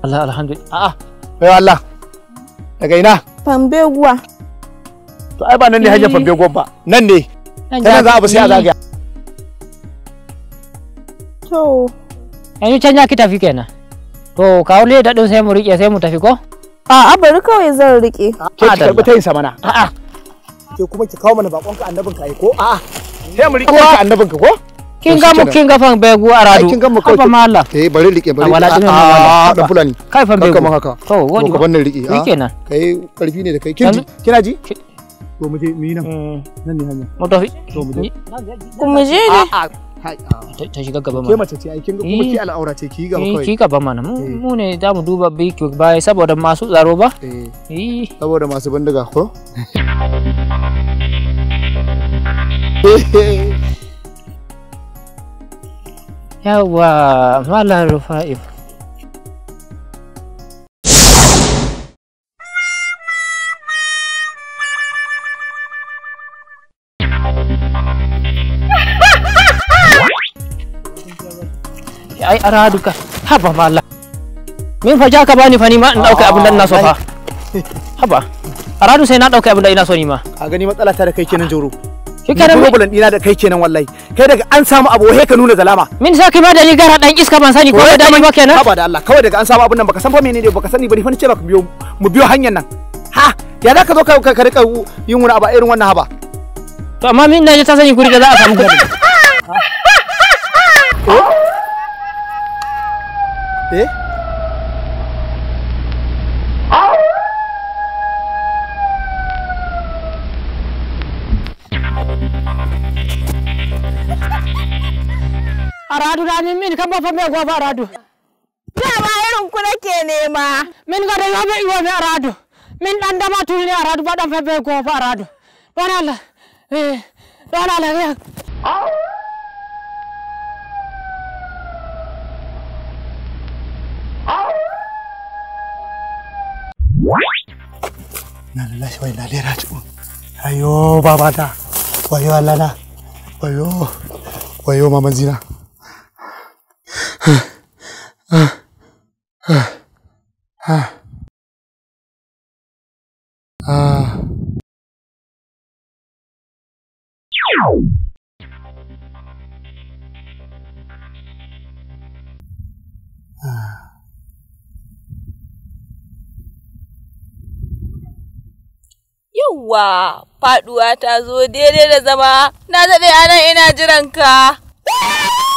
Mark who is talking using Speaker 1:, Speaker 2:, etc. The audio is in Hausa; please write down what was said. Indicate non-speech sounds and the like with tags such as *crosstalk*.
Speaker 1: Allah alhamdulillah. Ah, bai Allah. Daga ina? Fambeguwa. To ai ba nan ne hanyar Fambeguwa eh. ba. Nan ne. Ta za a bi sai a zagaya. To. Yanzu can ya ki tafi kenan. To kawo leda din sai mu rike sai mu tafi ko? A'a bari kawai zan rike. Ke ki karbi tayin sa mana. A'a. Ke kuma ki kawo mana bakon ka annabin ka ai ko? A'a. Sai mu rike ka annabin ka ko?
Speaker 2: kin ga mu kin ga
Speaker 1: fan begu kin ga mu kai mallam eh wala din fulani kai fan begu kamar haka to godi ka bannin kenan kai karfi ne da kai kin kina ji to mu je mu yi nan mm. nan ne hanya mu tafi to mu je kuma je ne ta shiga gaba mana. Ke mace ce ai kin kuma eh. ki al'aura ce ki gaba eh, Ki gaba mana eh. mu ne za mu duba bi ki baya saboda masu tsaro ba. Eh. Saboda masu bindiga ko? *laughs* yawwa malam rufa'i ai araduka haba mala min faja ka bani fani ma in dauka abin da ina so fa ah, haba aradu sai na dauka abin da ina so ni ma a gani matsala ta da kai kenan joro shikenan problem dina da kai kenan wallahi kai daga an samu abu wahe ka nuna zalama min sa kai ma da ligara dan iska ban sani ko da ni ba kenan haba da Allah kawai daga an samu abun nan baka san fa menene baka sani bari fa ce baka biyo mu biyo hanyar nan ha ya ka zo ka ka rika yin wani abu irin wannan haba to amma min na ji ta sani guri da za a samu gari *laughs* eh, eh? aradu da ni min kamba fa me go fa aradu ta ba irin ku nake nema min ga da yo be yo fa aradu min dan da ma ni aradu ba dan fa be go fa aradu don la eh don la ya eh. na lillahi wa ayo babata wayo wayo wayo zina Ah. faɗuwa ta zo daidai da zama, na daɗe anan ina jiranka. ka.